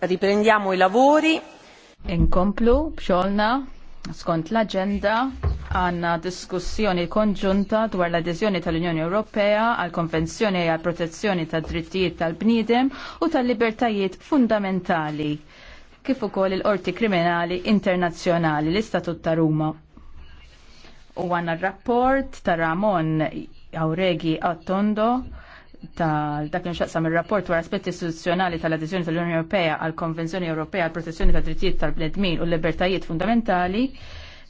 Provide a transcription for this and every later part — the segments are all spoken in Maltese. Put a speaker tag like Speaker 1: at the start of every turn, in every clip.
Speaker 1: Riprendiamo i lavori. Inkomplu bxolna skont l-agenda għanna diskussjoni konġunta dwar l-adezjoni tal-Unjoni Ewropea għal konvenzjoni għal protezzjoni tad drittijiet tal-bniedem u tal-libertajiet fundamentali kif ukoll il-Qorti Kriminali Internazzjonali l-Istatut ta' Ruma. U għanna r-rapport ta' Ramon Auregi Attondo tal-dak xaqsam il-rapport wara aspetti istituzzjonali tal-adizjoni tal-Unjoni Ewropea għal konvenzjoni Ewropea għal protezzjoni tad drittijiet tal-bnedmin u l-libertajiet fundamentali,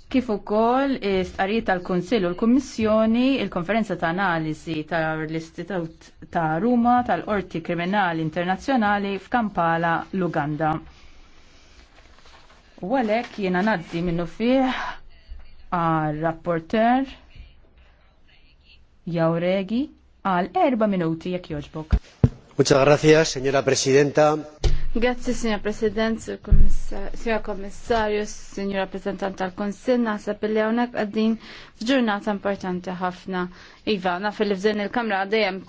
Speaker 1: kif ukoll istqarijiet tal-Kunsill u l-Kummissjoni il-konferenza ta' analiżi tal-Istitut ta' Ruma tal-Qorti Kriminali Internazzjonali f'Kampala, l-Uganda. U għalhekk jiena ngħaddi minnu fih għal rapporter Jawregi għal erba minuti jekk joġbok.
Speaker 2: Muchas gracias, señora presidenta.
Speaker 3: Grazie, signor Presidente, signor Commissario, signor Rappresentant tal-Konsil, naħseb li hawnhekk għaddin f'ġurnata importanti ħafna. Iva, naf li f'din il-Kamra dejjem